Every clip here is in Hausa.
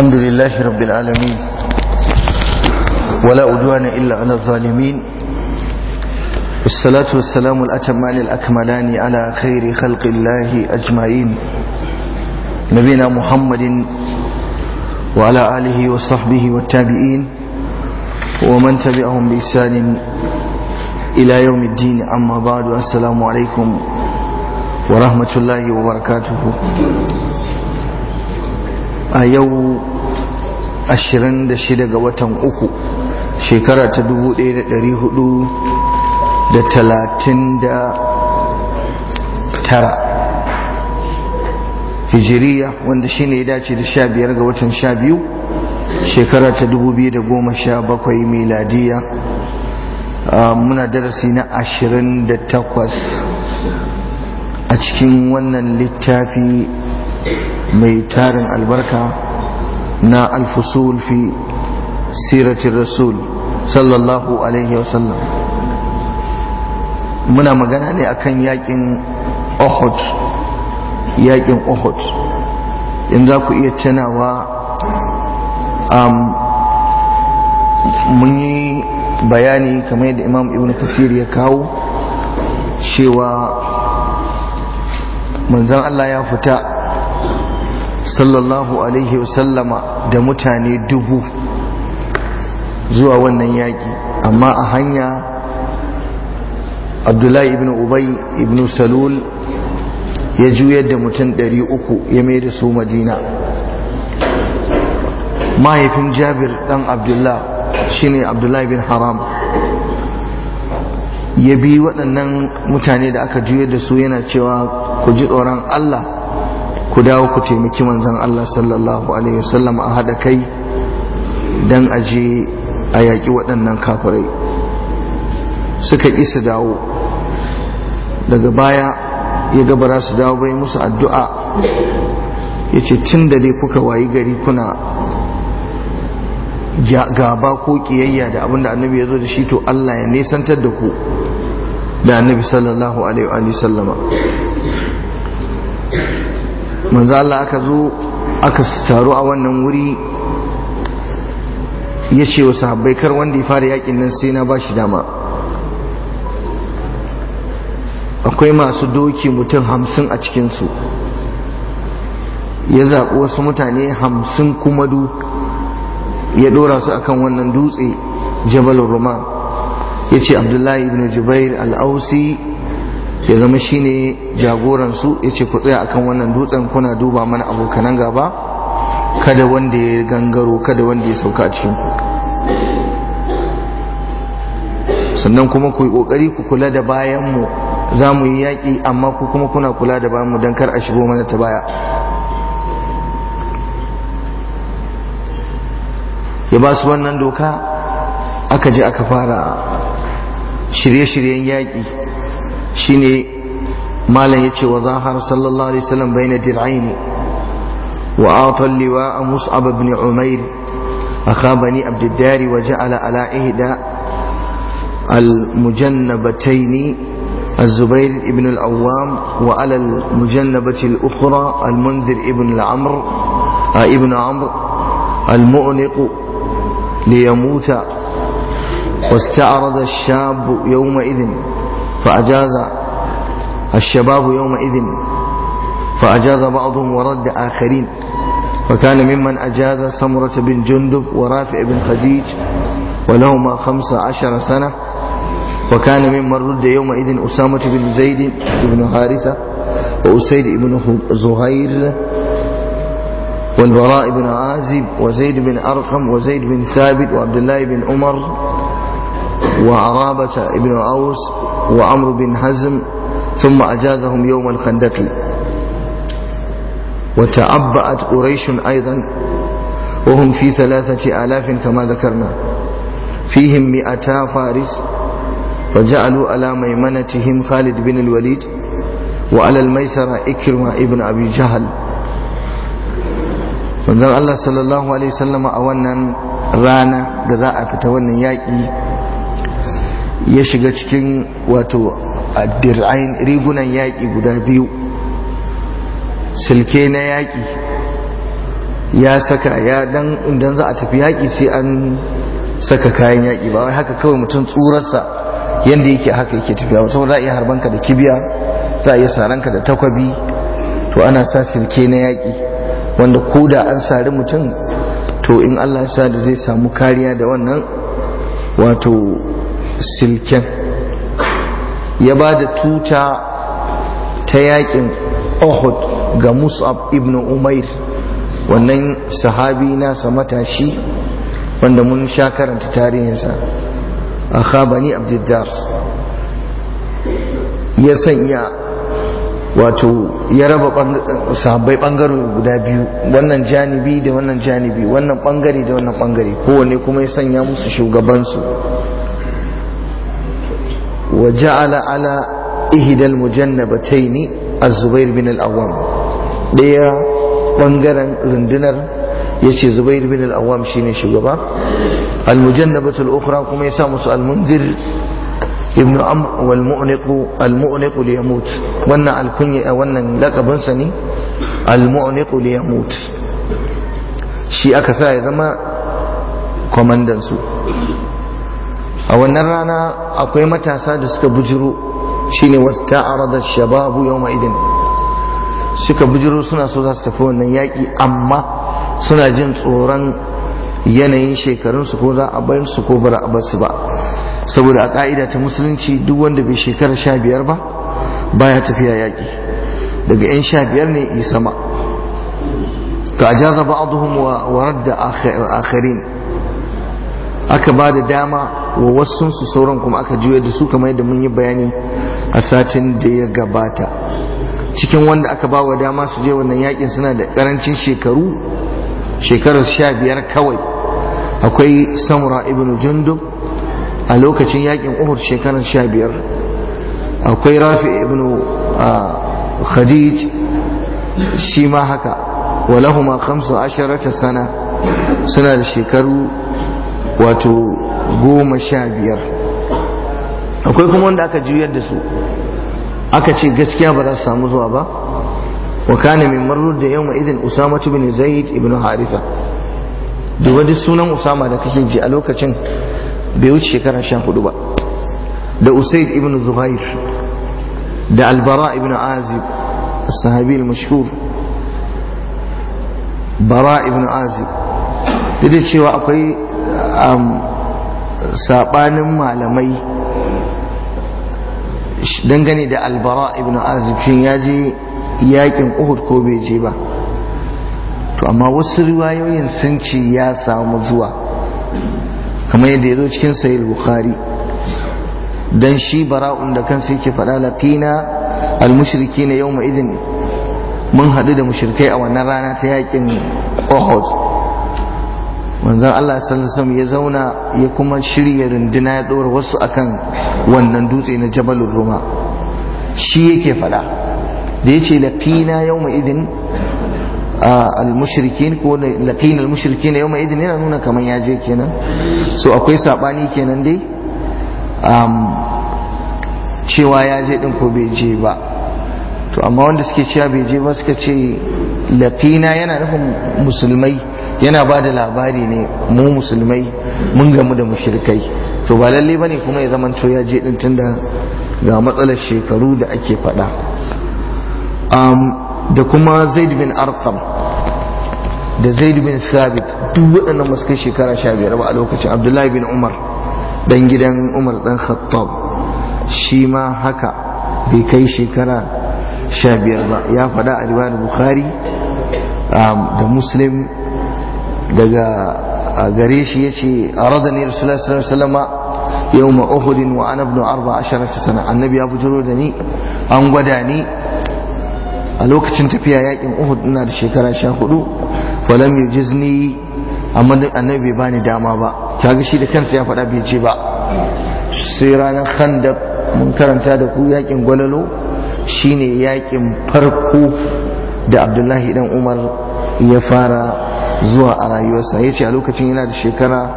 الحمد لله رب العالمين ولا أدوان إلا على الظالمين والصلاة والسلام الأتمان الأكملان على خير خلق الله أجمعين نبينا محمد وعلى آله وصحبه والتابعين ومن تبعهم بإحسان إلى يوم الدين أما بعد السلام عليكم ورحمة الله وبركاته a yau 26 ga watan uku shekara ta 1439 hijiriya wanda shi ya dace da 15 ga watan 12 shekara ta 2017 miladiya muna darasi na 28 a cikin wannan littafi mai tarin albarka na alfusul fi siratin rasul sallallahu alaihi wasallam muna magana ne akan yakin ohud yakin ohud in za ku iya tunawa um, mun yi bayani kamar yadda imam ibn kasir ya kawo cewa manzan Allah ya fita sallallahu alaihi wasallama da mutane dubu zuwa wannan yaƙi amma a hanya abdullahi ibn ubay ibn salul ya juyar da mutum ɗari uku ya mai da su madina mahaifin jabir ɗan abdullah shine abdullahi bin haram ya bi waɗannan mutane da aka juyar da su yana cewa ku ji tsoron allah ku dawo ku taimaki manzon Allah sallallahu alaihi wasallam a haɗa kai dan aje a yaƙi waɗannan kafirai suka ƙi su dawo daga baya ya gabara su dawo bai musu addu'a ya ce tun da dai kuka wayi gari kuna gaba ko ƙiyayya da abinda annabi ya zo da shi to Allah ya nesantar da ku da annabi sallallahu alaihi wa sallama manzo Allah aka zo aka taru a wannan wuri ya ce wa sahabbai kar wanda ya fara yakin nan sai na bashi dama akwai masu doki mutum hamsin a cikinsu ya zaɓi wasu mutane hamsin kuma du ya ɗora su akan wannan dutse jabal roma ya ce abdullahi ibn jubair al ausi ya zama shine jagoransu su yace ku tsaya akan wannan dutsen kuna duba mana abokanan gaba kada wanda ya gangaro kada wanda ya sauka a cikin sannan kuma ku yi kokari ku kula da bayan za mu yi yaƙi amma ku kuma kuna kula da bayan mu don kar a shigo mana ta baya ya ba su wannan doka aka je aka fara shirye-shiryen yaƙi shine malam yace wa zahar sallallahu alaihi wasallam baina dir'aini wa ata liwa'a mus'ab ibn umair akha bani abd ad-dari wa ja'ala ala ihda al-mujannabatayn الزبير ابن الأوام وعلى المجنبة الأخرى المنذر ابن العمر ابن عمرو المؤنق ليموت واستعرض الشاب يومئذ فأجاز الشباب يومئذ فأجاز بعضهم ورد آخرين فكان ممن أجاز سمرة بن جندب ورافع بن خديج ولهما خمس عشر سنة وكان ممن رد يومئذ أسامة بن زيد بن حارثة وأسيد بن زهير والبراء بن عازب وزيد بن أرقم وزيد بن ثابت وعبد الله بن عمر وعرابة بن أوس وعمر بن حزم ثم أجازهم يوم الخندق وتعبأت قريش أيضا وهم في ثلاثة آلاف كما ذكرنا فيهم مئتا فارس فجعلوا على ميمنتهم خالد بن الوليد وعلى الميسرة إكرمة ابن أبي جهل manzon الله صلى الله عليه وسلم أولا رانا da فتولنا يائي ya shiga cikin wato addir'ain rigunan yaƙi guda biyu silke na yaƙi ya saka ya dan idan za a tafi yaƙi sai an saka kayan yaƙi ba wai haka kawai mutum tsurarsa yadda yake haka yake tafiya wato za a iya harbanka da kibiya za a iya saranka da takwabi to ana sa silke na yaƙi wanda ko da an sari mutum to in allah ya sa da zai samu kariya da wannan wato silken ya ba da tuta ta yakin ohud ga mus'ab ibn umair wannan sahabi nasa matashi wanda mun sha karanta tarihinsa a khabani abdiddar ya sanya wato ya raba sahabai bangare guda biyu wannan janibi da wannan janibi wannan bangare da wannan bangare kowane kuma ya sanya musu shugabansu وجعل على إهدى المجنبتين الزبير بن الأوام ديا بانغران رندنر يشي زبير بن الأوام شيني شغبا المجنبة الأخرى كما يسامس المنذر ابن أمر والمؤنق المؤنق ليموت وانا الكنية وانا لقب سني المؤنق ليموت شي أكسا يزما كوماندان سو a wannan rana akwai matasa da suka bujiro shine da shababu yau ma'idin suka bujiro suna so za su tafi wannan yaƙi amma suna jin tsoron yanayin shekarunsu ko za a bayan su ko bara a basu ba saboda a ƙa'ida ta musulunci duk wanda bai shekara sha biyar ba baya tafiya yaƙi daga 'yan sha biyar ne yi sama ka ajaza ba'aduhum wa radda akharin aka ba da dama wa wasu su sauran kuma aka juya da su kamar da mun yi bayani a satin da ya gabata cikin wanda aka ba wa dama su je wannan yakin suna da karancin shekaru shekarar sha biyar kawai akwai samura ibn Jundu a lokacin yakin uhur shekarar sha biyar akwai rafi ibn khadij shi ma haka walahuma khamsu asharata sana suna da shekaru wato goma sha biyar akwai kuma wanda aka juyar da su aka ce gaskiya ba za su samu zuwa ba wa kane mai marar da yawma idin usama ibn zaid ibn harifa. duba duk sunan usama da kake ji a lokacin bai wuce shekara sha hudu ba da usaid ibn zuhair da albara ibn azib sahabi mashhur bara ibn azib duk cewa akwai saɓanin malamai dangane da albara ibn azifin ya je yakin uhud ko bai je ba to amma wasu riwayoyin sun ce ya samu zuwa kamar yadda ya zo cikin sayil bukhari dan shi bara'un da kansa yake faɗa latina al-mushrikina yau idin mun haɗu da mushrikai a wannan rana ta yakin Uhud Wanzan Allah sallallahu ya zauna ya kuma shirya runduna ya ɗora wasu akan wannan dutse na jabalur ruma shi yake faɗa da yace laqina yawma idin al-mushrikin ko laqina al-mushrikin yawma idin yana nuna kaman ya je kenan so akwai sabani kenan dai cewa ya je din ko bai je ba to amma wanda suke cewa bai je ba suka ce laqina yana nufin musulmai yana ba da labari ne mu musulmai mun gamu da mushrikai to ba lalle ne kuma ya to ya je din tunda ga matsalar shekaru da ake faɗa da kuma zaid bin arqam da zaid bin sabit duk waɗannan masu shekara sha biyar ba a lokacin abdullahi bin umar dan gidan umar dan khattab shi ma haka bai kai shekara sha biyar ba ya faɗa a riwayar bukhari da muslim daga gare shi ya yace aradani rasulullahi sallallahu alaihi wasallam yawm uhud wa a ibn ta sana annabi ya bujiro da ni an gwada ni a lokacin tafiya yakin uhud ina da shekara sha 14 falam yujizni amma annabi bai bani dama ba kaga shi da kansa ya faɗa bai ce ba sai ranar khandaq mun karanta da ku yakin gwalalo shine yakin farko da abdullahi dan umar ya fara zuwa a rayuwarsa ya ce a lokacin yana da shekara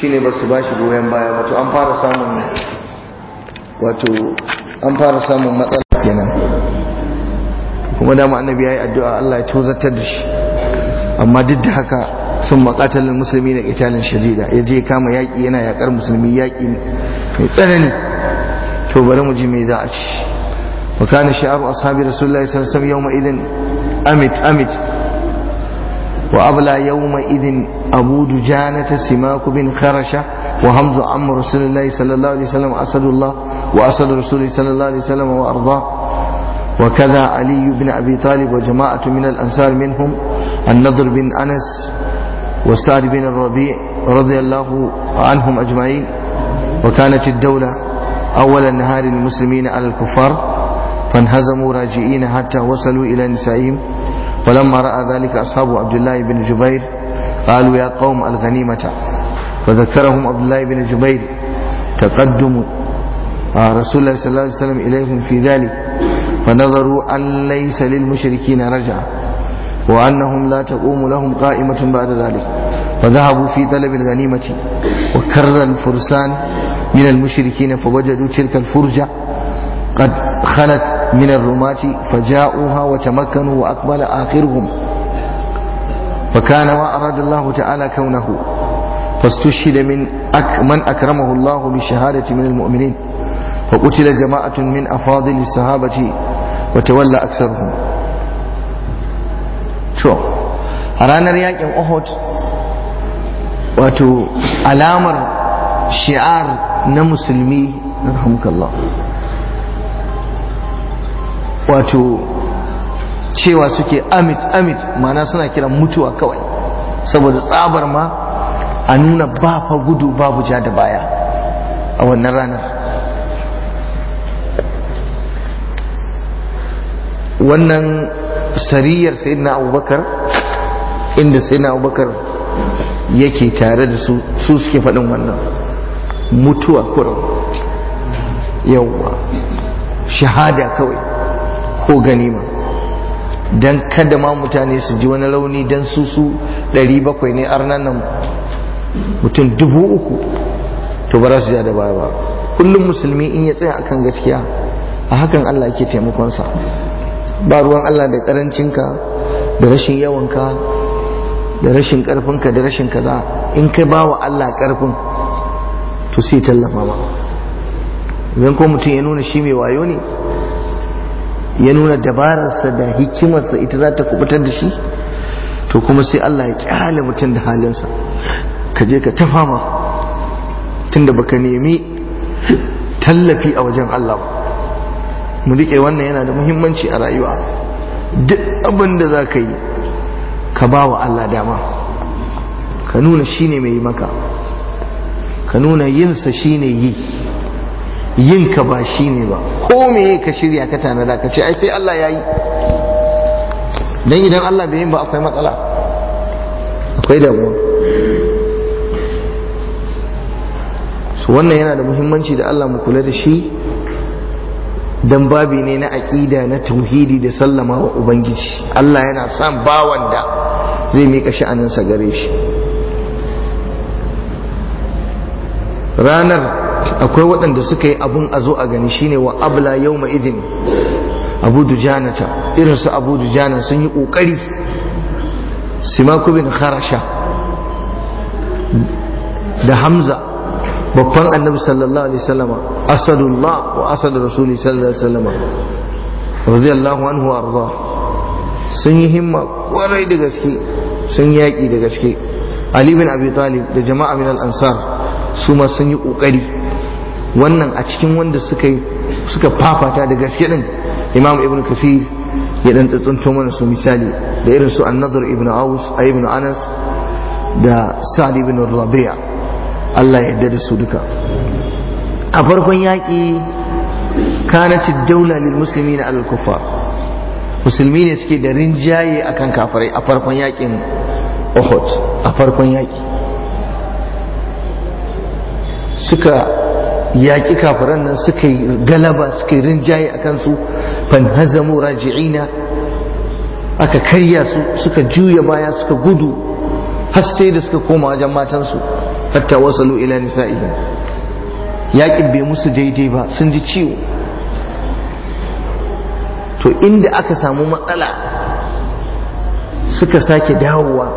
to ne ba su ba shi goyon baya wato an fara samun wato an fara samun matsala kenan kuma dama annabi yi addu'a Allah ya tozatar da shi amma duk da haka sun makatalin musulmi na italin shadida ya je kama yaƙi yana yaƙar musulmi yaƙi mai tsanani to bari mu ji me za a ci وكان شعار أصحاب رسول الله صلى الله عليه وسلم يومئذ أمت أمت وأبلى يومئذ أبو دجانة سماك بن خرشة وهمز عم رسول الله صلى الله عليه وسلم أسد الله وأسد رسول صلى الله عليه وسلم وأرضاه وكذا علي بن أبي طالب وجماعة من الأنصار منهم النضر بن أنس وسعد بن الربيع رضي الله عنهم أجمعين وكانت الدولة أول النهار للمسلمين على الكفار فانهزموا راجعين حتى وصلوا إلى نسائهم فلما رأى ذلك أصحاب عبد الله بن جبير قالوا يا قوم الغنيمة فذكرهم عبد الله بن جبير تقدموا رسول الله صلى الله عليه وسلم إليهم في ذلك فنظروا أن ليس للمشركين رجع وأنهم لا تقوم لهم قائمة بعد ذلك فذهبوا في طلب الغنيمة وكر الفرسان من المشركين فوجدوا تلك الفرجة قد خلت من الرماة فجاءوها وتمكنوا وأقبل آخرهم فكان ما أراد الله تعالى كونه فاستشهد من أك من أكرمه الله بالشهادة من المؤمنين وقتل جماعة من أفاضل الصحابة وتولى أكثرهم شو ranar yakin Uhud wato alamar shi'ar na musulmi rahmukallah wato cewa suke amit amit mana suna kira mutuwa kawai saboda tsabar ma a nuna ba gudu babu ja da baya a wannan ranar wannan sariyar sai na abubakar inda sai na abubakar yake tare da su su suke faɗin wannan mutuwa kurum yawwa shahada kawai ko ganima don kada ma mutane su ji wani rauni don su su 700 ne arnan nan mutum dubu uku to ba su ja da baya ba kullum musulmi in ya tsaya akan gaskiya a hakan Allah ke taimakonsa ba ruwan Allah da karancinka da rashin yawanka da rashin karfinka da rashin kaza in ka ba wa Allah karfin to sai tallafa ba idan ko mutum ya nuna shi mai wayo ne ya nuna dabararsa da hikimarsa ita za ta kubutar da shi to kuma sai Allah ya kyale mutum da halinsa ka je ka ta fama tunda baka nemi tallafi a wajen Allah ba mu riƙe wannan yana da muhimmanci a rayuwa duk abin da za ka yi ka ba wa Allah dama ka nuna shi ne mai maka ka nuna yinsa shi ne yi yin ka ba shi ne ba ko meye ka shirya ka tanada ka ce ai sai Allah ya yi dan idan Allah bai yin ba akwai matsala akwai damuwa su wannan yana da muhimmanci da Allah mu kula da shi dan babi ne na aƙida na tauhidi da sallama wa ubangiji Allah yana son bawan da zai mika sha'aninsa gare shi ranar akwai waɗanda suka yi abun a zo a gani shine wa abla yau ma izini. abu dujanata irin su abu dujana sun yi ƙoƙari Simakubin bin kharasha da hamza babban annabi sallallahu alaihi wasallama asadullah wa asad rasuli sallallahu alaihi wasallama radiyallahu anhu arda sun yi himma kwarai da gaske sun yaƙi da gaske ali bin abi talib da jama'a min al-ansar su ma sun yi ƙoƙari wannan a cikin wanda suka suka fafata da gaske din imam ibn kasir ya dan tsuntsunto mana su misali da irin su an-nadr ibn aus a ibn anas da sa'd ibn rabi'a Allah ya yarda da su duka a farkon yaƙi kanat ad-dawla lil muslimina al kufar musulmi ne suke da rinjaye akan kafirai a farkon yaƙin Uhud a farkon yaki suka yaƙi kafiran nan suka yi galaba suka yi rinjaye a kansu fanhazamu raji'ina aka karya su suka juya baya suka gudu har sai da suka koma wajen matansu hatta wasalu ila nisa'ihim yaƙin bai musu daidai ba sun ji ciwo to inda aka samu matsala suka sake dawowa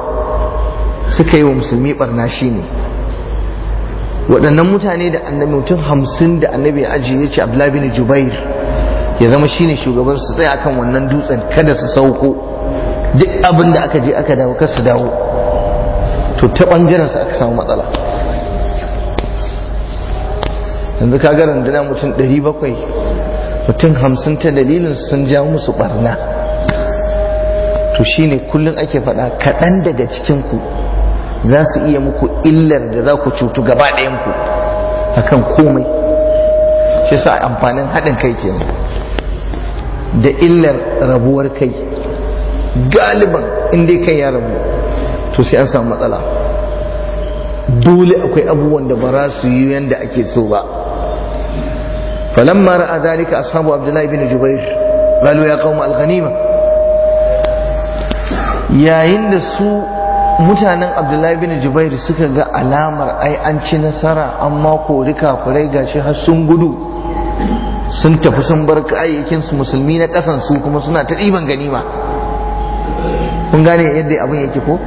suka yi wa musulmi barna ne waɗannan mutane da annabi mutum hamsin da annabi ya ajiye ya ce abdullahi jubair ya zama shi ne shugaban su tsaya akan wannan dutsen kada su sauko duk abin da aka je aka dawo kar su dawo to ta ɓangaren su aka samu matsala yanzu ka garin dana mutum 700 mutum hamsin ta dalilin sun ja musu ɓarna to shine kullum ake faɗa kaɗan daga cikin ku za su iya muku illar da za ku cutu gaba ɗayanku a kan komai shi sa amfanin haɗin kai ke da illar rabuwar kai galiban inda kai ya rabu to sai an samu matsala dole akwai abubuwan da ba za su yi yadda ake so ba falamma ra'a dalika ashabu abdullahi bin jubair qalu ya qaum al-ghanima yayin da su mutanen abdullahi bin jubair suka ga alamar ai an ci nasara amma kori kafirai gashi har sun gudu sun tafi sun bar kayayyakin su musulmi na kasan su kuma suna ta ɗiban ganima kun gane yadda abin yake ko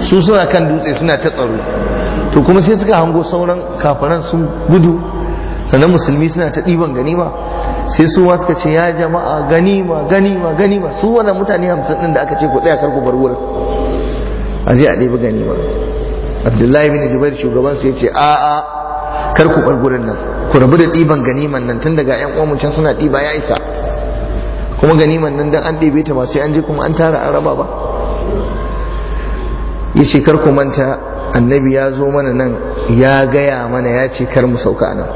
su suna kan dutse suna ta tsaro to kuma sai suka hango sauran kafiran sun gudu sannan musulmi suna ta ɗiban ganima sai su suka ce ya jama'a ganima ganima ganima su wannan mutane hamsin ɗin da aka ce ku tsaya kar ku bar wurin a je a ɗebi ganima abdullahi bin jubair shugaban su yace a a kar ku nan ku rabu da ɗiban ganiman nan tun daga ƴan uwan can suna ɗiba ya isa kuma ganiman nan dan an ɗebe ta ba sai an je kuma an tara an raba ba yace kar ku manta annabi ya zo mana nan ya gaya mana ya ce kar mu sauka nan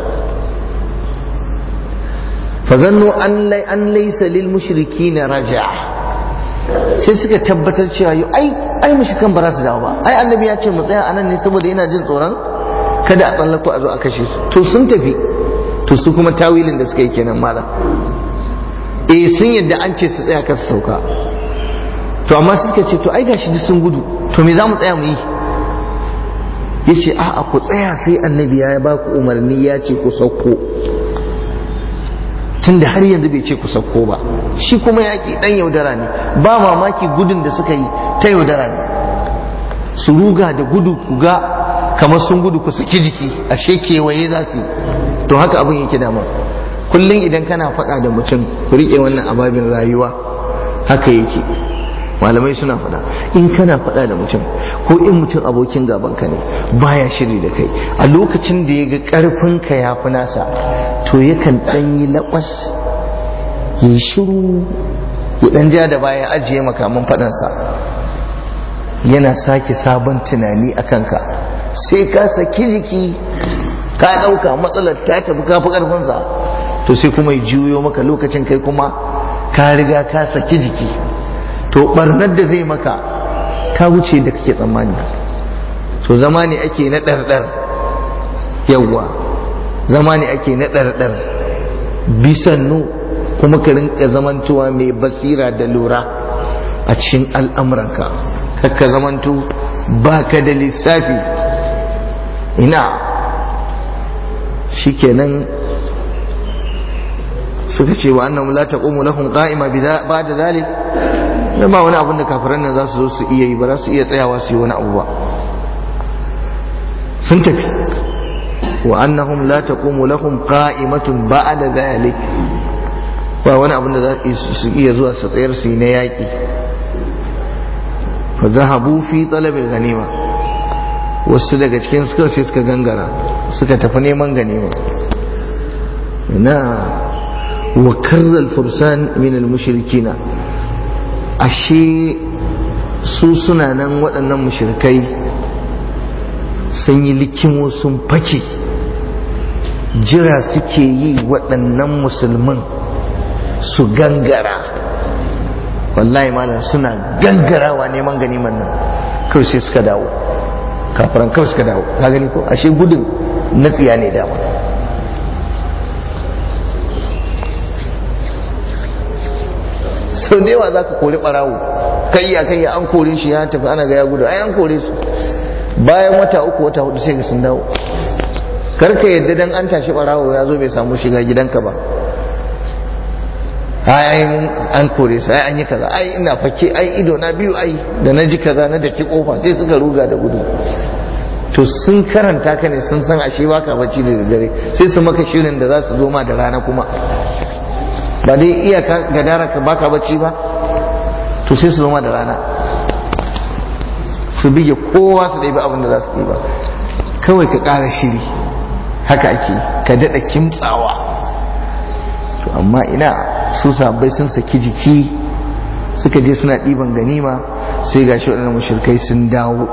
Fa fazannu an laysa lil mushrikina raja'a sai suka tabbatar cewa yau ai ai mushrikan ba za su dawo ba ai annabi ya ce mu tsaya anan ne saboda yana jin tsoron kada a tsallako a zo a kashe su to sun tafi to su kuma tawilin da suka yi kenan mala eh sun yadda an ce su tsaya kar su sauka to amma suka ce to ai gashi duk sun gudu to me za mu tsaya mu yi Ya ce a'a ku tsaya sai annabi ya ba ku umarni ya ce ku sauko tunda har yanzu bai ce ku sauko ba shi kuma yaƙi ɗan yaudara ne ba mamaki gudun da suka yi ta yaudara ne su ruga da gudu ku ga kamar sun gudu ku saki jiki ashe kewaye za su yi to haka abin yake dama kullum idan kana faɗa da mutum ku riƙe wannan ababin rayuwa haka yake malamai suna faɗa in kana faɗa da mutum ko in mutum abokin gabanka ne baya shiri da kai a lokacin da ya ga ƙarfinka ya fi nasa to yakan ɗan yi laƙwas ya shiru ya ɗan ja da baya ajiye makaman faɗansa yana sake sabon tunani a kanka sai ka saki jiki ka ɗauka matsalar ta tafi kafi ƙarfinsa to sai kuma ya juyo maka lokacin kai kuma ka riga ka saki jiki to barnar da zai maka ta wuce da kake tsammani to zama ne ake na ɗarɗar yawwa zama ne ake na ɗarɗar bisannu kuma ka rinka zamantowa mai basira da lura a cikin al'amuranka kaka zamanto ba ka da lissafi ina shikenan suka ce wa annahum la taqumu lahum qa'ima ba da zalik na ba wani abin da kafiran nan za su zo su iya yi ba za su iya tsayawa su yi wani abu ba sun tafi wa annahum la taqumu lahum qa'imatun ba'da dhalik ba wani abin da za su iya zuwa su tsayar su yi yaki yaƙi fa zahabu fi talabil ganima wasu daga cikin suka ce suka gangara suka tafi neman ganima na wa karral fursan min al mushrikina ashe su suna nan waɗannan mashirkai sun yi likimo sun fake jira suke yi waɗannan musulmin su gangara wallahi malam suna gangarawa neman ganimar nan kawai sai suka dawo kafiran kawai suka dawo ka gani ko ashe gudun na tsiya ne dama so da yawa za ka kori ɓarawo kayya kayya an kori shi ya tafi ana ga ya gudu ai an su bayan wata uku wata hudu sai ga sun dawo karka yadda dan an tashi barawo ya zo bai samu shiga gidanka ba ai an kore su ai an yi kaza ai ina fake ai ido na biyu ai da na ji kaza na daki kofa sai suka ruga da gudu to sun karanta ka ne sun san ashe baka bacci da dare sai su maka shirin da za su zo ma da rana kuma ba dai iya gadara ka baka bacci ba to sai su zama da rana su bige kowa su ɗabi abin da za su ba kawai ka ƙara shiri haka ake ka daɗa kimtsawa to amma ina su sabai sun saki jiki suka je suna ɗiban ganima sai ga shi waɗannan sun dawo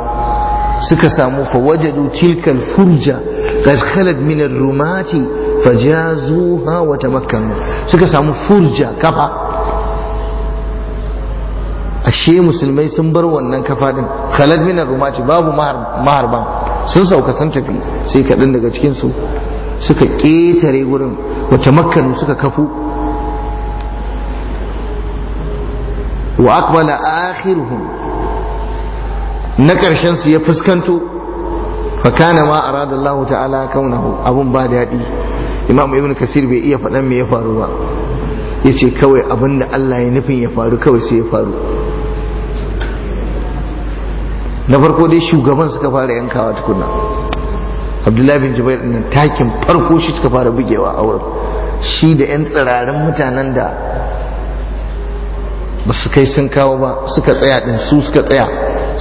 suka samu fawajadu tilkal furja qad khalad min rumati fajazuha wa tamakkanu suka samu furja kafa ashe musulmai sun bar wannan kafa din khalad min rumati babu maharban sun sauka sun tafi sai kaɗan daga cikin su suka ƙetare gurin wa tamakkanu suka kafu wa aqbala akhiruhum na ƙarshen su ya fuskanto fa kana ma arada Allah ta'ala kaunahu abun ba daɗi imam ibn kasir bai iya faɗan me ya faru ba ya ce kawai abinda Allah ya nufin ya faru kawai sai ya faru na farko dai shugaban suka fara yankawa tukuna abdullahi bin jubair ɗin takin farko shi suka fara bugewa a wurin shi da 'yan tsirarin mutanen da ba su kai sun kawo ba suka tsaya ɗin su suka tsaya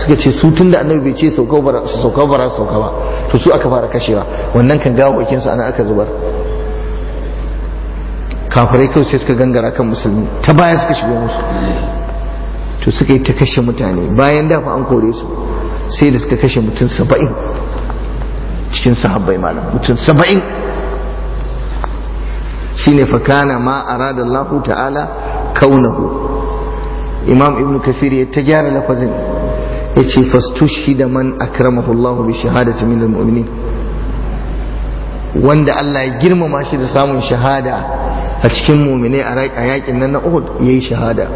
suka ce su tun da annabi bai ce sauka bara sauka ba to su aka fara kashewa wannan kan gawo bakin ana aka zubar kafirai kawai sai suka gangara kan musulmi ta baya suka shigo musu to suka yi ta kashe mutane bayan dafa an kore su sai da suka kashe mutum saba'in cikin sahabbai malam mutum saba'in ne fakana ma arada Allah ta'ala kaunahu imam ibn kafir ya ta gyara lafazin ya ce fastushi da man akramahu bai bi shahadati min almu'minin wanda Allah ya girmama shi da samun shahada a cikin mumine a yakin nan na ya yi shahada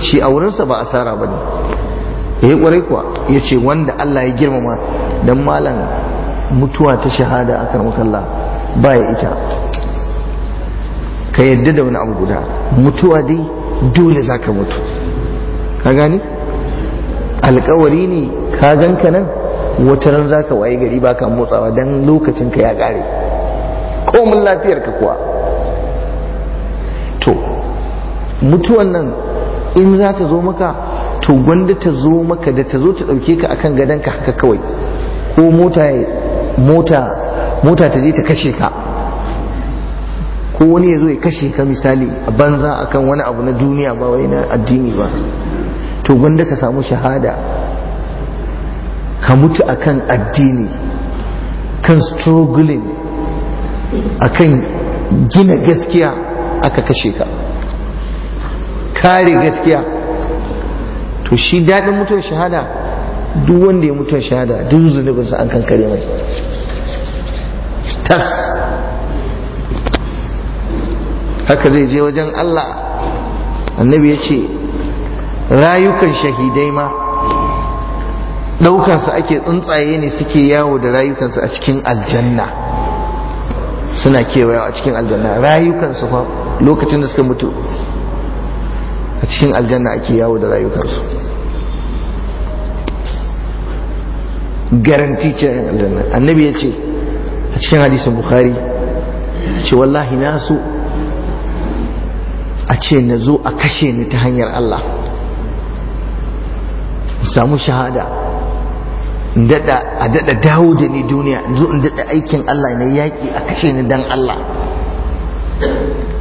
shi a wurinsa ba a asara ya yi eh, kwarai kuwa ce wanda Allah ya girmama don malam mutuwa ta shahada a karmakalla ba ya ita ka yadda da wani abu guda mutuwa dai dole za ka mutu ka gani alkawari ne ka ganka nan wata ran za ka waye gari ba ka motsawa don lokacin ka ya kare komin lafiyar ka kuwa to mutuwan nan in za ta zo maka to gwanda ta zo maka da ta zo ta ɗauke ka akan gadonka haka kawai ko mota mota mota ta je ta kashe ka ko wani ya zo ya kashe ka misali a banza akan wani abu na duniya ba wai na addini ba to gwanda ka samu shahada ka mutu akan addini kan struggling akan gina gaskiya aka kashe ka kare gaskiya to shi daɗin mutuwar shahada duk wanda ya mutuwar shahada duk sa an kankare mai tas haka zai je wajen Allah annabi ya ce rayukan shahidai ma ɗaukansu ake tsuntsaye ne suke yawo da rayukansu a cikin aljanna suna kewayawa a cikin aljanna rayukansu kuma lokacin da suka mutu a cikin aljanna ake yawo da rayukansu garanti ce aljanna annabi ya ce a cikin hadisin bukhari ce wallahi na so a ce na zo a kashe ni ta hanyar Allah samu shahada a daɗa dawo da ni duniya zo in daɗa aikin Allah na yaƙi a kashe ni dan Allah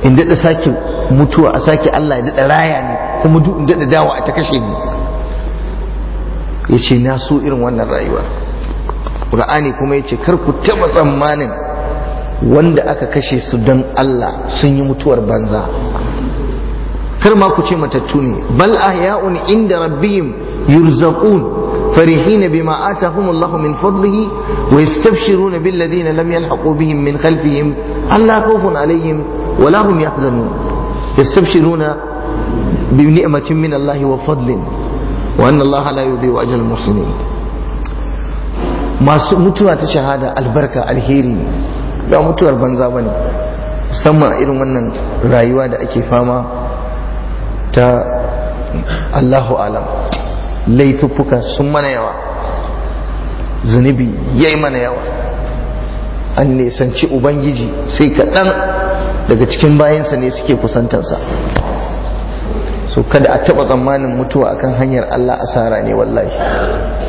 in daɗa sake mutuwa a sake Allah ya daɗa raya ne kuma duk in daɗa dawa a ta kashe ni ya ce na so irin wannan rayuwa ƙur'ani kuma ya ce kar ku taɓa tsammanin wanda aka kashe su don Allah sun yi mutuwar banza kar ma ku ce matattu ne bal ahya'un inda rabbihim yurzaqun فرحين بما آتاهم الله من فضله ويستبشرون بالذين لم يلحقوا بهم من خلفهم ألا خوف عليهم ولا هم يحزنون يستبشرون بنعمة من الله وفضل وأن الله لا يضيع أجر المحسنين masu mutuwa ta shahada albarka alheri ba mutuwar banza ba ne musamman irin wannan rayuwa da ake fama ta allahu alam laifuffuka sun mana yawa zunubi ya yi mana yawa an nesanci ubangiji sai kaɗan daga cikin bayansa ne suke kusantansa so kada a taɓa tsammanin mutuwa akan hanyar Allah asara ne wallahi mudu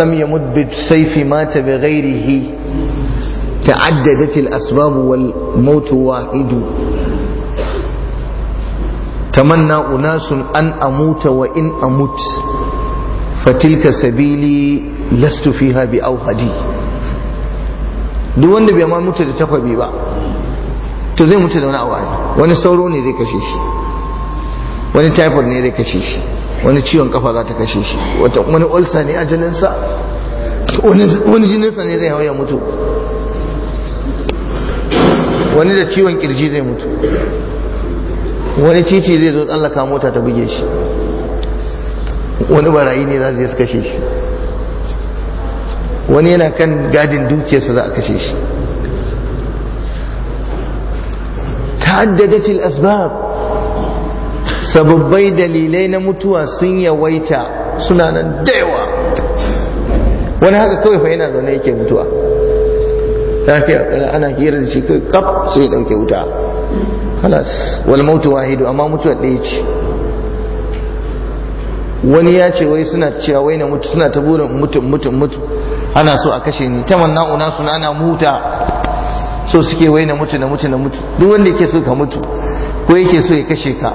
لم يمت بالسيف مات بغيره تعددت الأسباب والموت واحد tamanna sun an amuta wa in amut fatilka sabili lastu fiha bi duk wanda bai ma mutu da takwabi ba to zai mutu da wani awa wani sauro ne zai kashe shi wani typhoid ne zai kashe shi wani ciwon kafa za ta kashe shi wani ulcer a wani jininsa ne zai mutu wani da ciwon kirji zai mutu wani titi zai zo tsallaka mota ta buge shi wani barayi ne za su su kashe shi wani yana kan gadin dukiyarsa za a kashe shi ta'addadatil asbab sababbai dalilai na mutuwa sun yawaita suna nan da yawa wani haka kawai fa yana zaune yake mutuwa lafiya ana hirar shi kai kaf sai dauke wuta halas wal mautu wahidu amma mutuwa ɗaya ce wani ya ce wai suna cewa wai na mutu suna ta burin mutum mutum mutu ana so a kashe ni ta manna una suna ana muta so suke wai na mutu na mutu na mutu duk wanda yake so ka mutu ko yake so ya kashe ka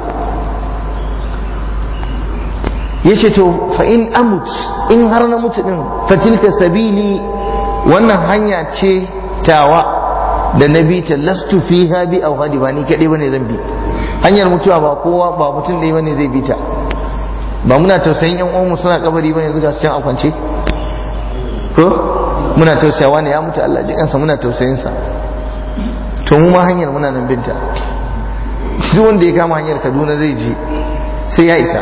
Ya ce to fa in amut in har na mutu din fatilka sabili wannan hanya ce tawa da na bi ta lastu fi ha bi au hadi ba ni kaɗai bane zan bi hanyar mutuwa ba kowa ba mutum ɗaya bane zai bi ta ba muna tausayin yan uwanmu suna kabari ne zuga su can akwance ko muna tausayawa ne ya mutu Allah ji kansa muna tausayin sa to mu ma hanyar muna nan binta duk wanda ya kama hanyar Kaduna zai ji sai ya isa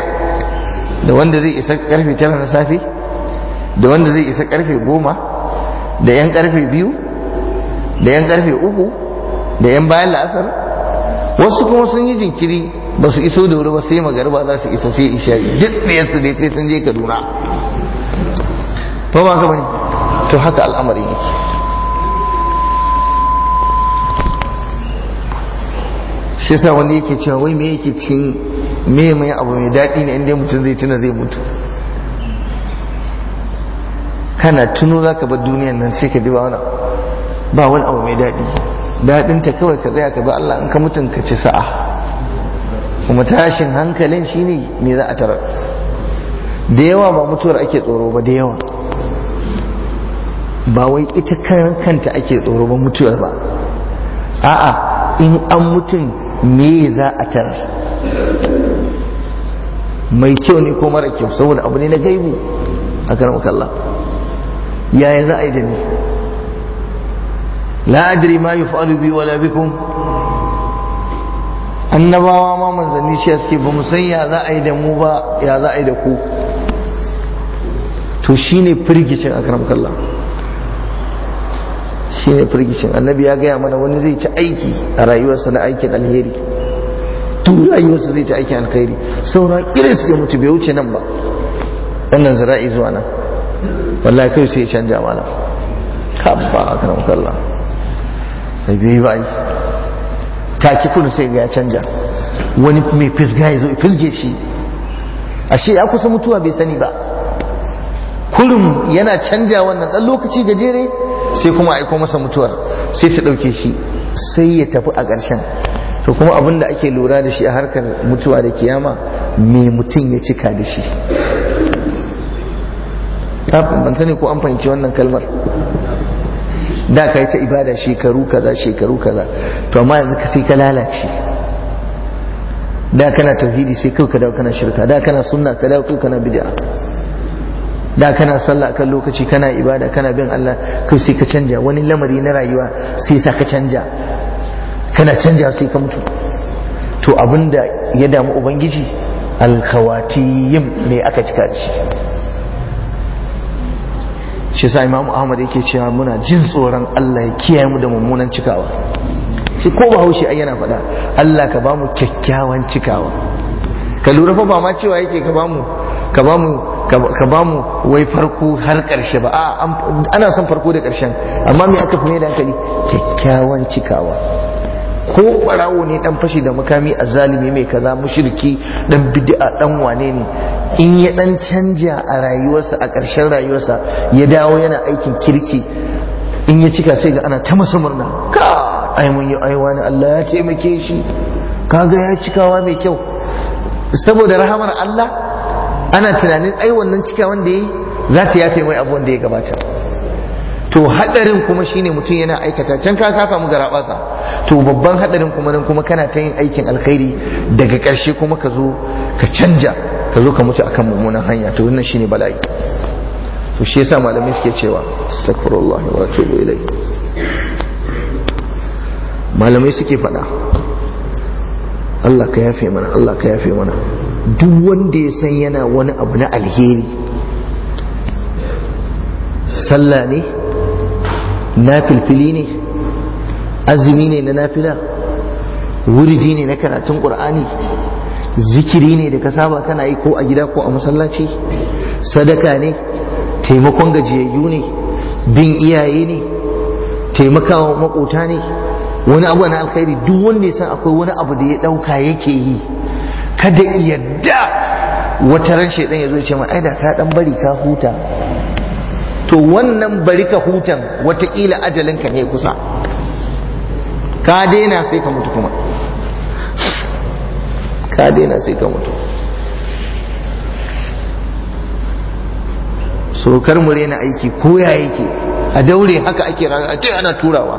da wanda zai isa karfe tara na safe da wanda zai isa karfe goma da yan karfe biyu da yan karfe uku da yan bayan la'asar wasu kuma sun yi jinkiri ba su iso da wuri ba sai magariba za su isa sai isa duk da yasu dai sai sun je kaduna ba ba ka bani to haka al'amarin yake shi sa wani yake cewa wai me yake cikin me mai abu mai daɗi ne inda mutum zai tuna zai mutu kana tuno za ka bar duniyan nan sai ka ji ba wani ba wani abu mai daɗi daɗinta kawai ka tsaya ka ba Allah in ka mutun ka ci sa'a kuma tashin hankalin shine me za a tarar da yawa ba mutuwar ake tsoro ba da yawa ba wai ita kanta ake tsoro ba mutuwar ba a'a in an mutum me za a tarar mai kyau ne ko mara kyau saboda abu ne na gaibu a karamar yaya za a yi da ni la adri ma yuf'alu bi wala bikum annabawa ma manzanni shi suke ba mu san ya za a yi da mu ba ya za a yi da ku to shine firgicin akram Shi shine firgicin annabi ya gaya mana wani zai ci aiki a rayuwarsa na aikin alheri duk rayuwarsa zai ci aikin alheri sauran irin su ya mutu bai wuce nan ba wannan zira'i zuwa nan wallahi kai sai ya canja mana habba akram kalla da biyu ba ai ki kunu sai ga ya canja wani mai fisga ya zo ya fisge shi ashe ya kusa mutuwa bai sani ba kurum yana canja wannan dan lokaci gajere sai kuma aiko masa mutuwar sai ta dauke shi sai ya tafi a ƙarshen to kuma abin da ake lura da shi a harkar mutuwa da kiyama me mutum ya cika da shi ban sani ko an fahimci wannan kalmar da ka yi ta ibada shekaru kaza shekaru kaza to amma yanzu ka sai ka lalace da kana tauhidi sai kai ka dawo kana shirka da kana sunna ka dawo kai kana bid'a da kana sallah kan lokaci kana ibada kana bin Allah kai sai ka canja wani lamari na rayuwa sai sa ka canja kana canja sai ka mutu to abinda ya damu ubangiji alkhawatiyim ne aka cika shi shi sa imamu ahmad yake cewa muna jin tsoron allah ya kiyaye mu da mummunan cikawa shi ko ba haushi ai yana faɗa allah ka bamu kyakkyawan cikawa ka lura fa ba ma cewa yake ka bamu ka wai farko har karshe ba a ana son farko da karshen amma me aka fi mai da hankali kyakkyawan cikawa ko barawo ne dan fashi da mukami a zalimi mai kaza mushriki dan bid'a dan wane ne in ya dan canja a rayuwarsa a ƙarshen rayuwarsa ya dawo yana aikin kirki in ya cika sai ga ana ta masa murna ka ai mun yi ai wani Allah ya taimake shi kaga ya cikawa mai kyau saboda rahamar Allah ana tunanin ai wannan cika wanda yi za yafe mai abu wanda ya gabata to hadarin kuma shine mutum yana aikata can ka ka samu garabasa to babban hadarin kuma nan kuma kana ta yin aikin alkhairi daga karshe kuma ka zo ka canja ka zo ka mutu akan mummunan hanya to wannan shine bala'i to shi yasa malamai suke cewa astaghfirullah wa atubu ilai malamai suke faɗa Allah ka yafe mana Allah ka yafe mana duk wanda ya san yana wani abu na alheri sallah ne na filfili ne azumi ne na nafila wuridi ne na karatun ƙur'ani zikiri ne da ka saba kana yi ko a gida ko a masallaci sadaka ne taimakon gajiyayyu ne bin iyaye ne taimakawa makota ne wani abu na alkhairi duk wanda ya san akwai wani abu da ya ɗauka yake yi kada yadda wata ran shaidan ya zo ce ma ai ka dan bari ka huta to wannan bari ka hutan watakila ajalinka ne kusa ka daina sai ka mutu kuma ka daina sai ka mutu so kar mu aiki koya ya yake a daure haka ake rana a ana turawa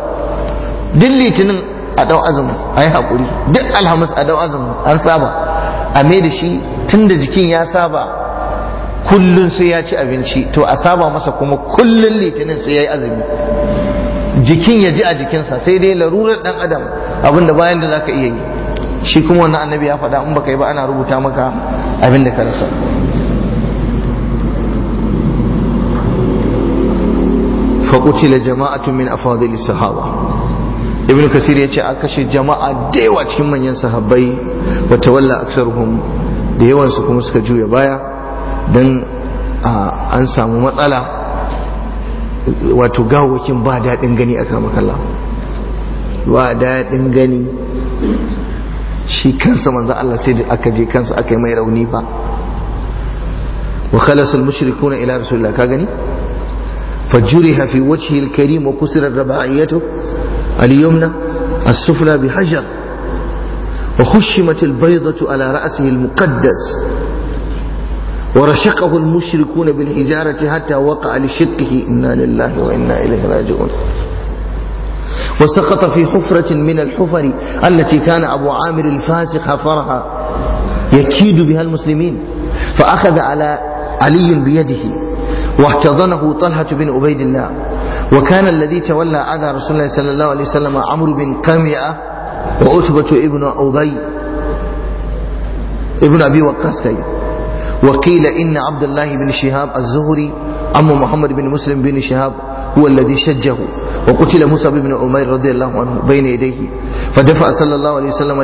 duk litinin a dau azumin ai yi duk alhamis a dau azumin an saba a mai da shi tun da jikin ya saba kullun sai ya ci abinci to a saba masa kuma kullun litinin sai ya yi azumi jikin ya ji a jikinsa sai dai larurar dan adam abinda bayan da zaka iya yi shi kuma wannan annabi ya faɗa in baka yi ba ana rubuta maka abin da ka rasa jama'a jama'atun min afadili sahaba ibn kasir ya ce a kashe jama'a da yawa cikin manyan sahabbai wata walla aksaruhum da yawansu kuma suka juya baya don an samu matsala wato gawakin ba daɗin gani a karmakalla ba daɗin gani shi kansa manzo Allah sai da aka je kansa aka yi mai rauni ba wa khalasul mushrikuna ila rasulillah ka gani fajuriha fi wajhi al-karim wa kusira raba'iyatu al-yumna as-sufla bi hajar wa khushimat al-baydatu ala ra'sihi al-muqaddas ورشقه المشركون بالحجارة حتى وقع لشقه إنا لله وإنا إليه راجعون وسقط في حفرة من الحفر التي كان أبو عامر الفاسق حفرها يكيد بها المسلمين فأخذ على علي بيده واحتضنه طلحة بن عبيد الله وكان الذي تولى أذى رسول الله صلى الله عليه وسلم عمرو بن قمئة وعتبة ابن أبي ابن أبي وقاص كي وقيل إن عبد الله بن شهاب الزهري أم محمد بن مسلم بن شهاب هو الذي شجه وقتل موسى بن عمير رضي الله عنه بين يديه فدفع صلى الله عليه وسلم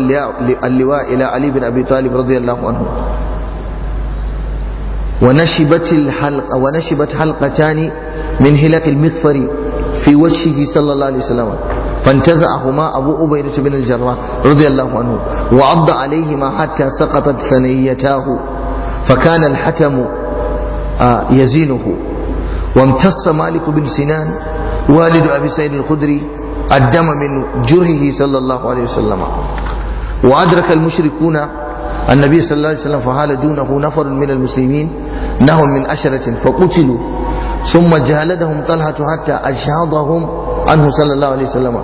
اللواء إلى علي بن أبي طالب رضي الله عنه ونشبت الحلقة ونشبت حلقتان من هلك المغفر في وجهه صلى الله عليه وسلم فانتزعهما أبو أبيدة بن الجراح رضي الله عنه وعض عليهما حتى سقطت ثنيتاه فكان الحتم يزينه وامتص مالك بن سنان والد أبي سعيد الخدري الدم من جرهه صلى الله عليه وسلم وأدرك المشركون النبي صلى الله عليه وسلم فهال دونه نفر من المسلمين نهم من أشرة فقتلوا ثم جالدهم طلحة حتى أجهضهم عنه صلى الله عليه وسلم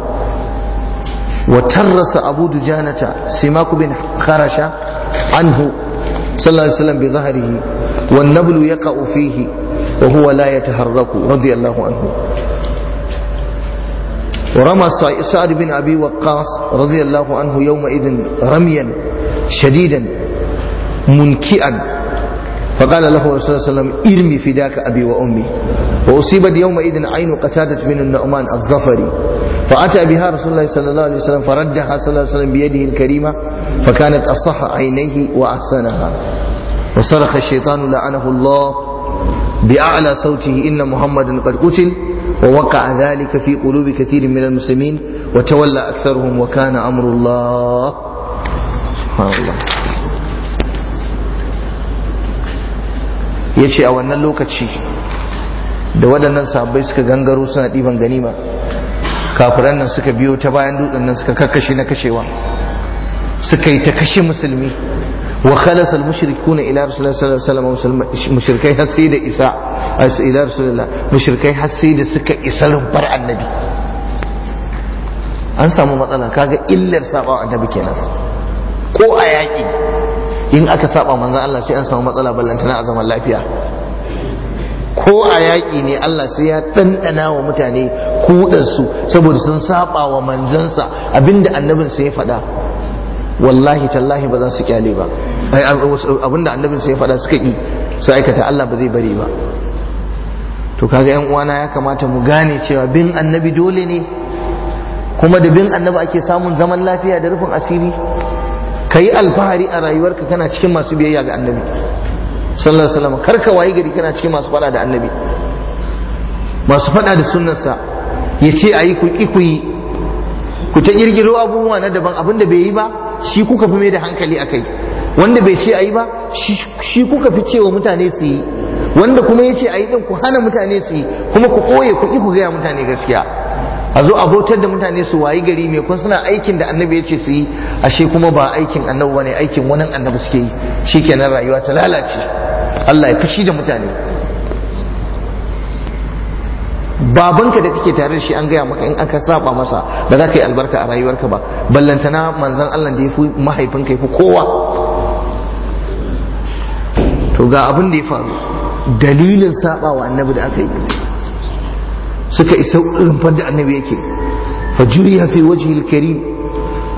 وترس أبو دجانة سماك بن خرشة عنه صلى الله عليه وسلم بظهره والنبل يقع فيه وهو لا يتحرك رضي الله عنه ورمى سعد بن أبي وقاص رضي الله عنه يومئذ رميا شديدا منكئا فقال له رسول الله صلى الله عليه وسلم ارمي فداك ابي وامي واصيبت يومئذ عين قتاده بن النعمان الظفري فاتى بها رسول الله صلى الله عليه وسلم فردها صلى الله عليه وسلم بيده الكريمه فكانت اصح عينيه واحسنها وصرخ الشيطان لعنه الله باعلى صوته ان محمدا قد قتل ووقع ذلك في قلوب كثير من المسلمين وتولى اكثرهم وكان امر الله سبحان الله ya ce a wannan lokaci da waɗannan sahabbai suka gangaro suna ɗiban ganima kafiran nan suka biyo ta bayan dutsen nan suka kakkashe na kashewa suka yi ta kashe musulmi wa khalasal mushrikuna ila rasulullahi sallallahu alaihi wasallam mushrikai har sai da isa ila rasulullah mushrikai har sai da suka isa rumfar annabi an samu matsala kaga illar saba annabi kenan ko a yaƙi in aka saba manzan Allah sai an samu matsala ballantana a zaman lafiya ko a yaƙi ne Allah sai ya ɗanɗana wa mutane kuɗansu saboda sun saba wa manzansa abinda annabin sai ya faɗa wallahi tallahi ba za su kyale ba abinda annabin sai ya faɗa suka yi su aikata Allah ba zai bari ba to kaga yan uwana ya kamata mu gane cewa bin annabi dole ne kuma da bin annabi ake samun zaman lafiya da rufin asiri ka yi alfahari a rayuwarka kana cikin masu biyayya ga annabi sallallahu alaihi wasallam kar wayi gari kana cikin masu fada da annabi masu faɗa da sunnarsa ya ce ku ƙi ku yi ku ta ƙirƙiro abubuwa na daban abin da bai yi ba shi kuka fi mai da hankali akai wanda bai ce ayi ba shi kuka fi cewa mutane su yi wanda kuma ya ce a yi ku hana mutane su yi kuma ku koye ku ƙi ku gaya mutane gaskiya a zo abotar da mutane su wayi gari mai kun suna aikin da annabi ya ce su yi ashe kuma ba aikin annabi bane aikin wani annabi suke yi shikenan rayuwa ta lalace Allah ya fushi da mutane babanka da kake tare da shi an gaya maka in aka saba masa ba za ka yi albarka a rayuwarka ba ballantana manzan Allah da ya fi mahaifinka ya fi kowa to ga abin da ya faru dalilin saba wa annabi da aka yi suka isa rumfar da annabi yake fajuriya fi wajhil karim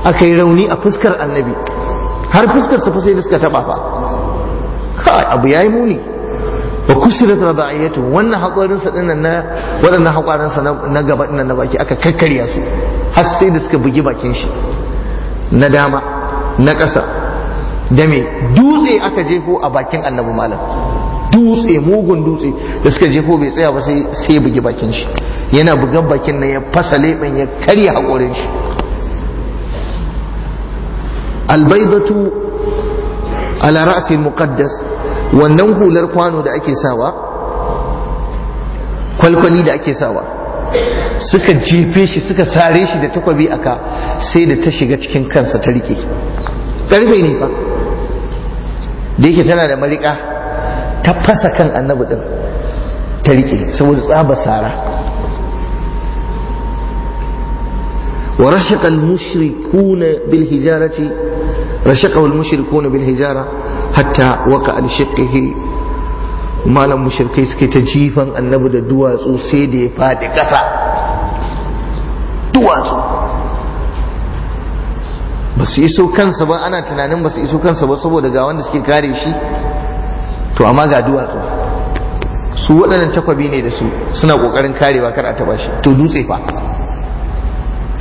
aka rauni a fuskar annabi har fuskar sa fa sai da suka taba fa kai abu yayi muni wa kusirat rabaiyatu wannan hakorin sa dinnan na wadannan hakorin sa na gaba dinnan na baki aka kakkarya su har sai da suka bugi bakin shi na dama na ƙasa da me dutse aka jefo a bakin annabi malam dutse mugun dutse da suka jefo bai tsaya ba sai sai bugi bakin shi yana bugan bakin nan ya fasa leɓen ya karya haƙorin shi albaidatu ala ra'si muqaddas wannan hular kwano da ake sawa kwalkwali da ake sawa suka jefe shi suka sare shi da takwabi aka sai da ta shiga cikin kansa ta rike ƙarfe ne ba. da yake tana da marika ta fasa kan annabi din ta rike saboda tsaba sara wa rashaqa al-mushrikuuna bil hijarati rashaqa al-mushrikuuna bil hijara hatta waqa al shiqqihi malam mushrikai suke ta jifan annabi da duwatsu sai da ya fadi kasa duwatsu ba su iso kansa ba ana tunanin ba su iso kansa ba saboda ga wanda suke kare shi to amma ga duwatsu su waɗannan takwabi ne da su suna ƙoƙarin karewa kar a taɓa shi to dutse fa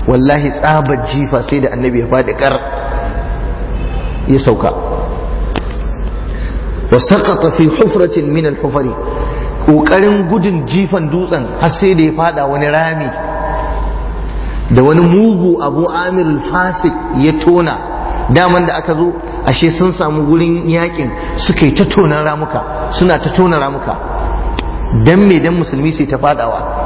wallahi tsabar jifa sai da annabi ya faɗi ƙar ya sauka wa saqata fi hufratin min al-hufari ƙoƙarin gudun jifan dutsen har sai da ya faɗa wani rami da wani mugu abu amir fasik ya tona daman da aka zo ashe sun samu gurin yakin suka yi ta tonan ramuka suna ta tona ramuka dan me dan musulmi sai ta fadawa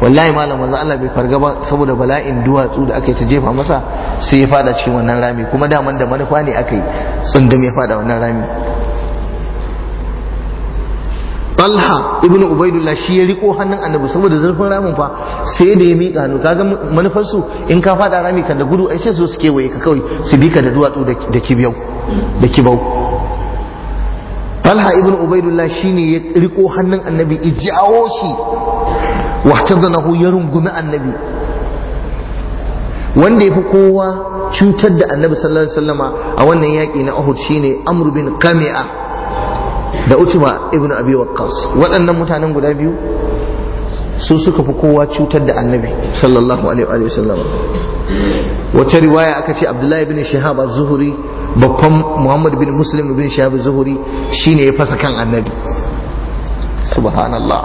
wallahi malam manzo Allah bai farga ba saboda bala'in duwatsu da aka yi ta jefa masa sai ya fada cikin wannan rami kuma daman da manufa ne aka yi tsundum ya fada wannan rami Talha ibn Ubaidullah shi ya riko hannun Annabi saboda zurfin ramin fa sai da ya miƙa hannu kaga ga in ka fada rami kan da gudu ai sai su suke waye ka kawai su bi ka da duwatsu da kibiyau da kibau talha ibn ubaidullah shine ya riko hannun annabi ijawo shi wahtadanahu ya rungumi annabi wanda ya fi kowa cutar da annabi sallallahu alaihi wasallama a wannan yaƙi na ahud shine Amr bin Qami'a da utuba ibn Abi Waqqas waɗannan mutanen guda biyu su suka fi kowa cutar da annabi sallallahu alaihi wasallama wata riwaya aka ce Abdullahi ibn Shihab zuhuri? babban muhammad bin muslim bin shabi zuhuri shine ya fasa kan annabi subhanallah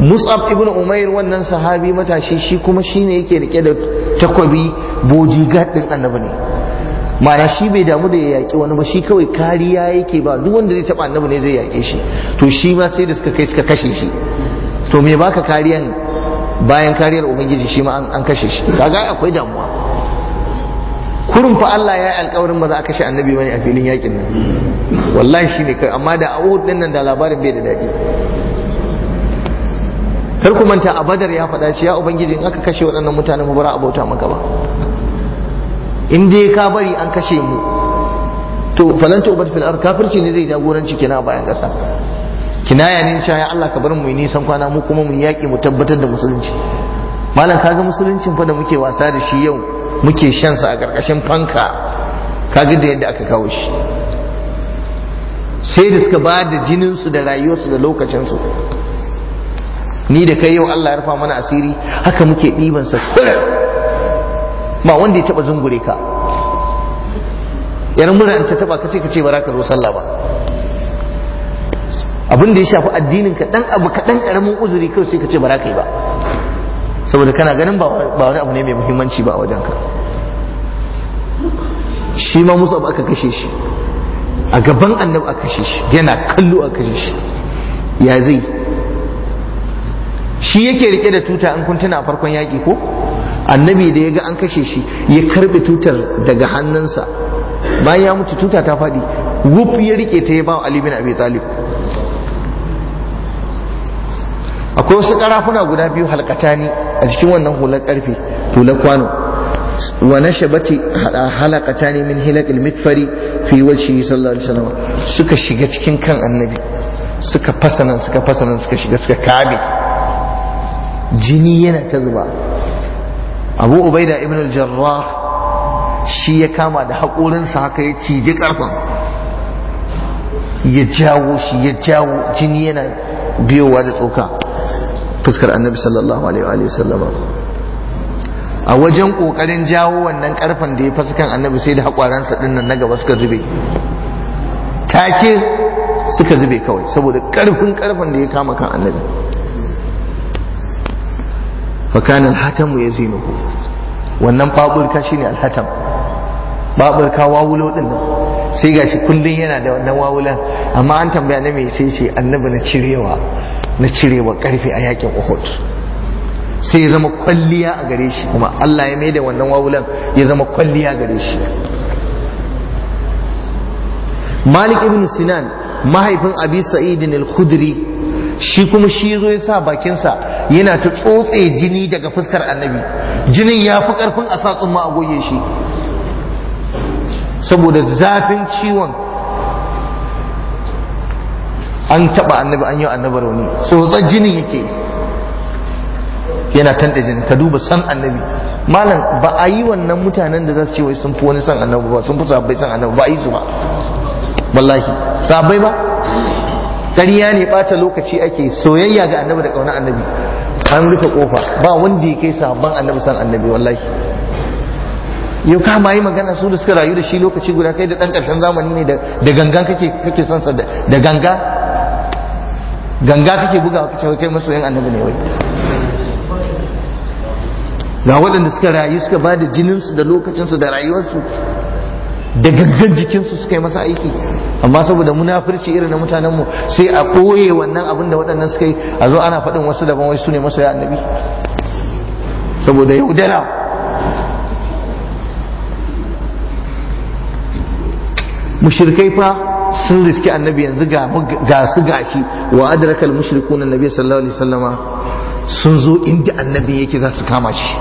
mus'ab ibn umair wannan sahabi matashi shi kuma shine yake rike da takwabi boji din annabi ne ma'ana shi bai damu da ya yaƙi wani ba shi kawai kariya yake ba duk wanda zai taɓa annabi ne zai yaƙe shi to shi ma sai da suka kai suka kashe shi to me baka kariyan bayan kariyar ubangiji shi ma an kashe shi kaga akwai damuwa kurun fa Allah ya yi alkawarin ba za a kashe annabi bane a filin yakin nan wallahi shine kai amma da Uhud din nan da labarin bai da daɗi kar ku manta a Badar ya faɗa shi ya ubangiji in aka kashe waɗannan mutanen ba a bauta maka ba in dai ka bari an kashe mu to falanta ubat fil kafirci ne zai jagoranci kina bayan ƙasa kinaya ne sha Allah ka bar mu nisan kwana mu kuma mu yaƙi mu tabbatar da musulunci malam kaga musuluncin fa da muke wasa da shi yau muke shan sa a karkashin fanka kaga da yadda aka kawo shi sai da suka ba da jinin da rayuwarsu da lokacin ni da kai yau Allah ya rufa mana asiri haka muke ɗiban sa ba wanda ya taba zungure ka Yar mura ta taba kace kace ba za ka zo sallah ba abin da ya shafi addinin ka dan abu kaɗan karamin uzuri kawai sai kace ba za ka yi ba saboda kana ganin ba wani abu ne mai muhimmanci ba a ka shi ma musa aka kashe shi a gaban annabu aka kashe shi yana kallo aka kashe shi ya zai shi yake rike da tuta an kuntuna a farkon yaƙi ko annabi da ya ga an kashe shi ya karbe tutar daga hannunsa bayan ya mutu tuta ta faɗi wuf ya rike ta ya ba Ali bin Abi Talib akwai wasu karafuna guda biyu ne a cikin wannan hular karfe hular kwano wa halakata ne min hilaqil mitfari fi wajhi sallallahu alaihi wasallam suka shiga cikin kan annabi suka fasanan suka fasanan suka shiga suka kame jini yana ta zuba abu ubaida ibn al-jarrah shi ya kama da haƙorinsa haka ya cije karfan ya jawo shi ya jawo jini yana biyowa da tsoka fuskar annabi sallallahu alaihi wasallama a wajen kokarin jawo wannan karfan da ya fasa annabi sai da hakwaransa din na gaba suka zube take suka zube kawai saboda karfin karfan da ya kama kan annabi fa kana al ya yazinuhu wannan baburka shine al-hatam baburka wawulo din nan sai gashi kullun yana da wannan wawulan amma an tambaya ne me sai ce annabi na cirewa na cirewa karfe a yakin uhud sai ya zama kwalliya a gare shi kuma Allah ya maida wannan wawulan ya zama kwalliya a gare shi Malik ibn Sinan mahaifin Abi Sa'id al-Khudri shi kuma shi zo ya sa bakinsa yana ta tsotse jini daga fuskar Annabi jinin ya fi karfin a sa tsumma a goye shi saboda zafin ciwon an taba annabi an yi annabi rauni tsotsar jini yake yana tanda jini ka duba san annabi malam ba a yi wannan mutanen da za su ce wai sun fi wani san annabi ba sun fi sabbai san annabi ba a yi su ba wallahi sabbai ba ƙarya ne ɓata lokaci ake soyayya ga annabi da ƙauna annabi an rufe kofa ba wanda ya kai sabon annabi san annabi wallahi yau ka ma yi magana su da suka rayu da shi lokaci guda kai da ɗan ƙarshen zamani ne da gangan kake kake son sa da ganga ganga kake bugawa kace kai masoyin annabi ne wai ga waɗanda suka rayu suka ba da jininsu da lokacinsu da rayuwarsu da gangan jikinsu suka yi masa aiki amma saboda munafurci irin na mutanenmu sai a ɓoye wannan abin da waɗannan suka yi a zo ana faɗin wasu daban wai su ne masoya annabi saboda yaudara mushirkai fa sun riski annabi yanzu ga su gashi wa adrakal mushrikun annabi sallallahu alaihi wasallama sun zo inda annabi yake za su kama shi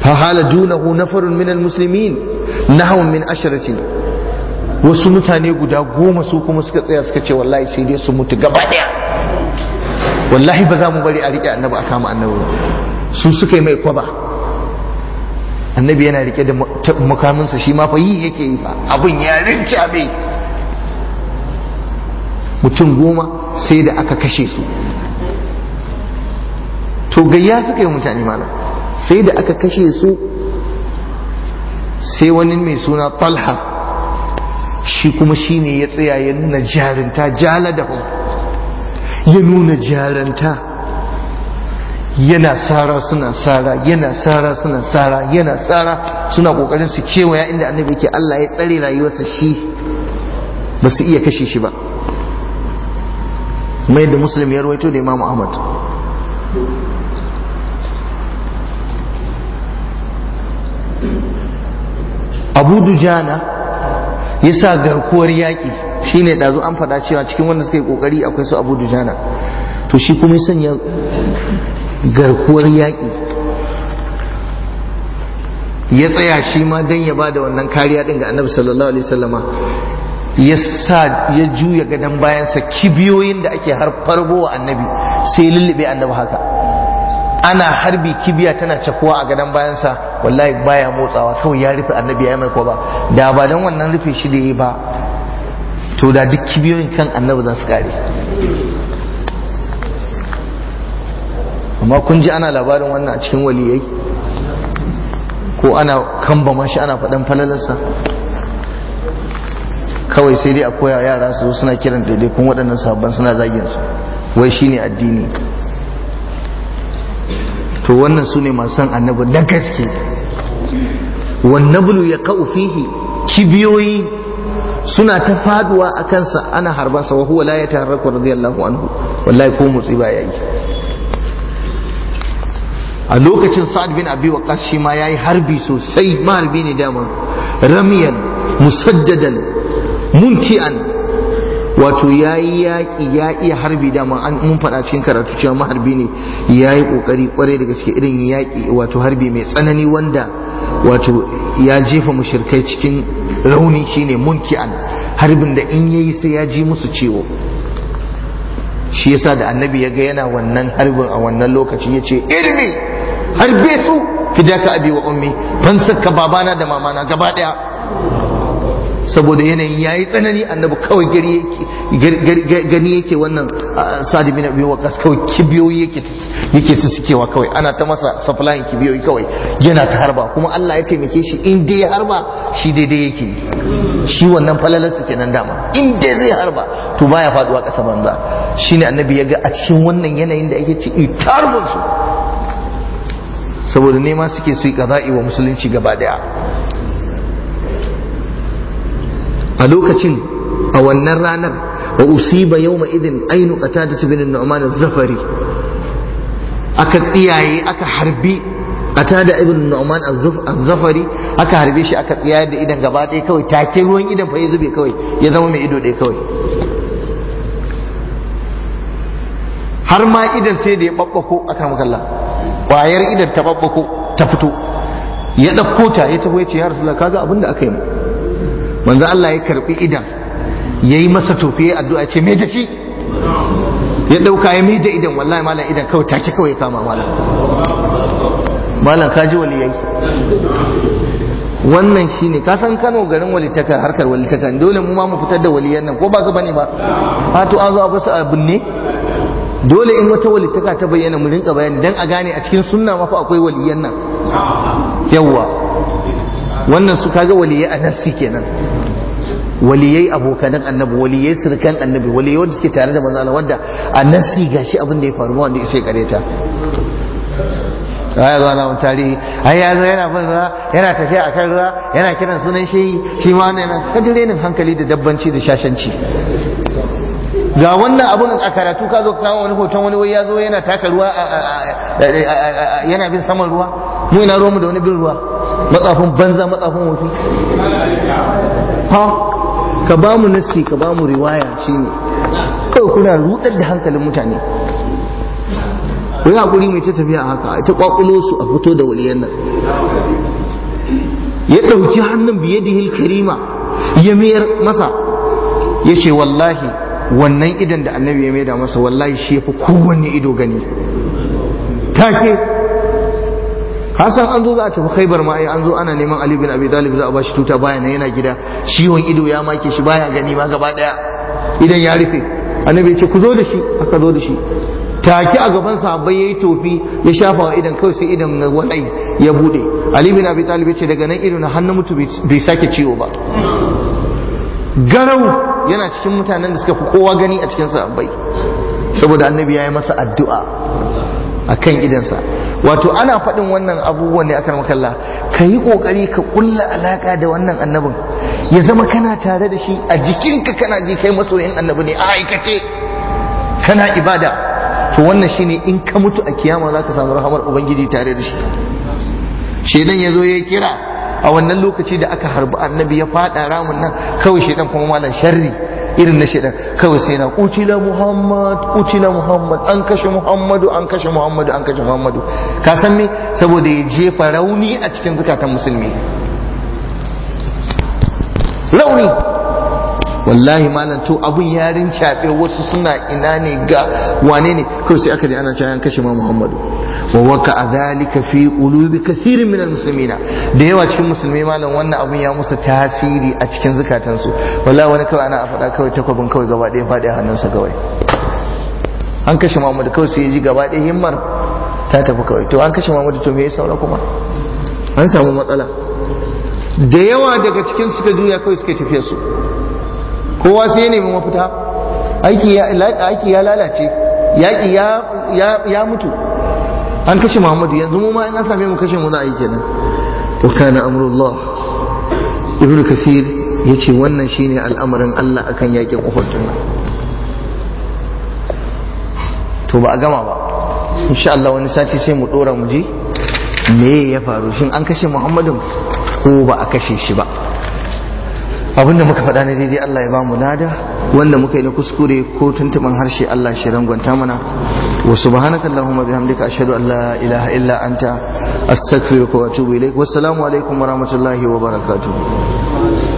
fahala dunahu nafarun minal muslimin nahawun min asharatin wasu mutane guda goma su kuma suka tsaya suka ce wallahi sai dai su mutu gaba daya wallahi ba za mu bari a riƙe annabi a kama annabi su suka yi mai kwaba annabi yana rike da makaminsa shi ma yi yake yi fa abin ya rinca mutum goma sai da aka kashe su to gayya suka yi mutane mana sai da aka kashe su sai wani mai suna talha shi kuma shi ne ya tsaya ya nuna jarinta jala da ya nuna jaranta yana tsara suna tsara yana tsara suna tsara yana tsara suna kokarin su kewaya inda annabi yake Allah ya tsare rayuwarsa shi ba su iya kashe shi ba mai da muslim ya rawaito da imam ahmad abu dujana ya sa garkuwar yaƙi shine dazu an faɗa cewa cikin wanda suka yi ƙoƙari akwai su abu dujana to shi kuma sanya garkuwar yaƙi ya tsaya shi ma don ya ba da wannan kariya ɗin ga annabi sallallahu alaihi wasallama ya sa ya juya gadon bayansa kibiyoyin da ake harfar bowa annabi sai lullube annabi haka ana harbi kibiya tana cakuwa a gadon bayansa wallahi baya motsawa kawai ya rufe annabi ya mai ko ba da ba don wannan rufe shi da yi ba to da duk kibiyoyin kan annabi za su kare amma kun ji ana labarin wannan a cikin waliyai ko ana kamba mashi ana faɗan falalarsa kawai sai dai a koya yara su zo suna kiran daidaikun waɗannan sabon suna zagin su wai shine addini to wannan su ne masu san annabi na gaske wannabulu ya ka'u fihi kibiyoyi suna ta faduwa a kansa ana harbansa wa huwa la ya taharraku radiyallahu anhu wallahi ko musiba yayi a lokacin sa'ad bin abi waqas shi ma yayi harbi sosai maharbi ne dama ramiyan musaddadan munki'an wato yayi yaki ya iya harbi dama an mun faɗa cikin karatu cewa maharbi ne yayi kokari kwarai daga gaske irin yaki wato harbi mai tsanani wanda wato ya jefa mushrikai cikin rauni shine munki'an harbin da in yayi sai ya ji musu ciwo shi yasa da annabi ya ga yana wannan harbin a wannan lokaci ya ce irmi harbe su daka abi wa ummi Ban saka babana da mamana gaba daya saboda yanayin ya yi tsanani annabi kawai gari gani yake wannan sadi bin abi waqas kawai kibiyoyi yake ta sikewa kawai ana ta masa supply kibiyoyi kawai yana ta harba kuma Allah ya taimake shi in dai ya harba shi daidai yake shi wannan su kenan dama in dai zai harba to baya faduwa kasa banza Shi ne annabi ya ga a cikin wannan yanayin da ake ciki tarbin saboda nema suke su yi kaza'i wa musulunci gaba daya a lokacin a wannan ranar wa usiba yawma idin ainu qatadatu bin nu'man az-zafari aka tsiyaye aka harbi a qatada ibn nu'man az-zafari aka harbe shi aka tsiyaye da idan gaba ɗaya kawai take ruwan idan fa ya zube kawai ya zama mai ido ɗaya kawai har ma idan sai da ya babbako akan makalla kwayar idan ta babbako ta fito ya ɗauko ta ya tafi ya ce ya rasulullah kaga abin da aka yi manzo Allah ya karbi idan yayi masa tofi addu'a ce me tafi ya ɗauka ya mi da idan wallahi malam idan kawai take kawai ya kama malam malam ka ji waliyai wannan shine ka san Kano garin walitaka harkar walitaka dole mu ma mu fitar da waliyan nan ko ba ka bane ba a to an zo a basu abin ne dole in wata taka ta bayyana mu rinka bayani dan a gane a cikin sunna ma fa akwai waliyan nan yawa wannan su kaga waliyai a nassi kenan waliyai abokanan annabi waliyai sirkan annabi waliyai wanda suke tare da manzo Allah wanda a nassi gashi abin da ya faru wanda ya sai kareta ya zo na tarihi ai ya zo yana bin ruwa yana tafiya kan ruwa yana kiran sunan shi shi ma wannan yana kadirenin hankali da dabbanci da shashanci ga wannan abun a karatu ka zo kawo wani hoton wani wai ya zo yana taka ruwa yana bin saman ruwa mu ina ruwanmu da wani bin ruwa matsafin banza matsafin wofi ha ka ba mu nassi ka ba mu riwaya shine kawai kuna rudar da hankalin mutane wai hakuri mai ta tafiya haka ita kwakulo su a fito da waliyan nan ya ɗauki hannun biyadihil karima ya mayar masa ya ce wallahi wannan idan da annabi ya maida masa wallahi shi fi kowanne ido gani take hasan an zo za a tafi khaibar ma'ai an zo ana neman ali bin abi talib za a bashi tuta baya na yana gida ciwon ido ya make shi baya gani ma gaba daya idan ya rufe annabi ya ce ku zo da shi aka zo da shi take a gaban sahabbai yayi tofi ya shafa wa idan kawai sai idan wadai ya bude ali bin abi talib ya ce daga nan ido na hannun mutu bai sake ciwo ba garau yana cikin mutanen da suka fi kowa gani a cikin sahabbai saboda annabi ya yi masa addu'a a kan idansa wato ana faɗin wannan abubuwan ne akan makalla ka yi ƙoƙari ka ƙulla alaƙa da wannan annabin ya zama kana tare da shi a jikinka kana ji kai masoyin annabi ne a aikace kana ibada to wannan shine in ka mutu a kiyama za ka samu rahamar ubangiji tare da shi shedan ya zo ya kira a wannan lokaci da aka harbi annabi ya fada ramin nan kawai shedan kuma malam sharri irin na shedan kawai sai na kucila muhammad kucila muhammad an kashe muhammadu an kashe muhammadu an kashe muhammadu ka san me saboda ya jefa rauni a cikin zukatan musulmi rauni wallahi malam to abun ya rincaɓe wasu suna ina ne ga wane ne kawai sai aka ji ana cewa an kashe ma muhammadu wa waka azalika fi qulubi kasirin minal muslimina da yawa cikin musulmi malam wannan abun ya musu tasiri a cikin su wallahi wani kawai ana faɗa kawai takwabin kawai gaba ɗaya faɗi hannun sa kawai an kashe muhammadu kawai sai ya ji gaba ɗaya himmar ta tafi kawai to an kashe muhammadu to me ya saura kuma an samu matsala da yawa daga cikin suka juya kawai suka tafiya su kowa sai ya nemi mafita aiki ya lalace yaƙi ya mutu an kashe muhammadu yanzu mu ma in an same mu kashe mu za a yi kenan to kana amrullah ibn kasir yace wannan shine al'amarin Allah akan yaƙin Uhud din to ba a gama ba insha Allah wani sati sai mu dora mu ji me ya faru shin an kashe Muhammadu? ko ba a kashe shi ba abinda muka faɗa na daidai Allah ya ba mu lada wanda muka yi na kuskure ko tuntuban harshe Allah shi rangwanta mana wa subhanaka allahumma bihamdika ashhadu an la ilaha illa anta astaghfiruka wa atubu ilaik wassalamu alaikum wa rahmatullahi